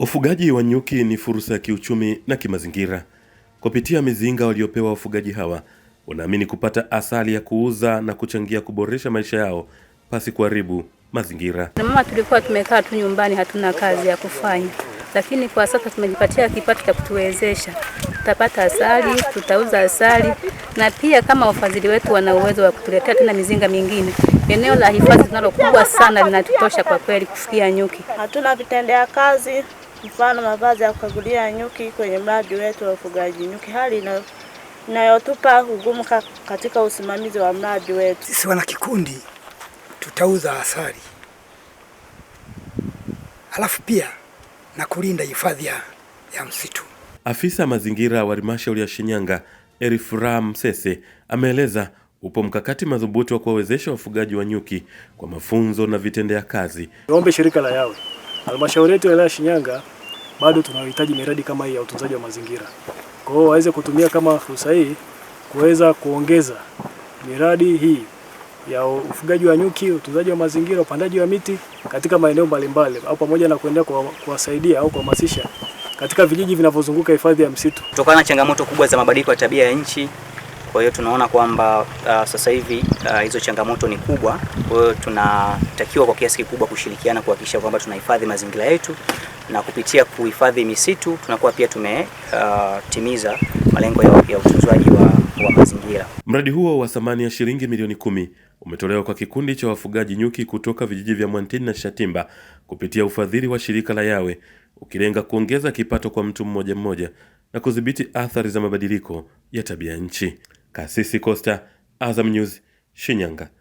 Ufugaji wa nyuki ni fursa ya kiuchumi na kimazingira. Kupitia mizinga waliopewa wafugaji hawa, wanaamini kupata asali ya kuuza na kuchangia kuboresha maisha yao pasi kuharibu mazingira. Na mama, tulikuwa tumekaa tu nyumbani, hatuna kazi ya kufanya, lakini kwa sasa tumejipatia kipato cha kutuwezesha. Tutapata asali, tutauza asali, na pia kama wafadhili wetu wana uwezo wa kutuletea tena mizinga mingine. Eneo la hifadhi tunalo kubwa sana linatutosha kwa kweli kufikia nyuki. Hatuna vitendea kazi mfano mavazi ya kukagulia nyuki kwenye mradi wetu wa ufugaji nyuki, hali inayotupa ugumu katika usimamizi wa mradi wetu. Sisi wana kikundi tutauza asali, halafu pia na kulinda hifadhi ya msitu. Afisa mazingira wa halmashauri ya Shinyanga Erifuraha Msese ameeleza upo mkakati madhubuti wa kuwawezesha wafugaji wa nyuki kwa mafunzo na vitendea kazi. Niombe shirika la yawe halmashauri yetu ya Shinyanga bado tunahitaji miradi kama hii ya utunzaji wa mazingira. Kwa hiyo waweze kutumia kama fursa hii kuweza kuongeza miradi hii ya ufugaji wa nyuki, utunzaji wa mazingira, upandaji wa miti katika maeneo mbalimbali, au pamoja na kuendelea kuwasaidia au kuhamasisha katika vijiji vinavyozunguka hifadhi ya msitu kutokana na changamoto kubwa za mabadiliko ya tabia ya nchi. Kwa hiyo tunaona kwamba uh, sasa hivi uh, hizo changamoto ni kubwa. Kwa hiyo tunatakiwa kwa kiasi kikubwa kushirikiana kuhakikisha kwamba tunahifadhi mazingira yetu na kupitia kuhifadhi misitu tunakuwa pia tumetimiza uh, malengo ya, ya utunzaji wa, wa mazingira. Mradi huo wa thamani ya shilingi milioni kumi umetolewa kwa kikundi cha wafugaji nyuki kutoka vijiji vya Mwantini na Shatimba kupitia ufadhili wa shirika la Yawe, ukilenga kuongeza kipato kwa mtu mmoja mmoja na kudhibiti athari za mabadiliko ya tabia nchi. Kasisi Costa, Azam News, Shinyanga.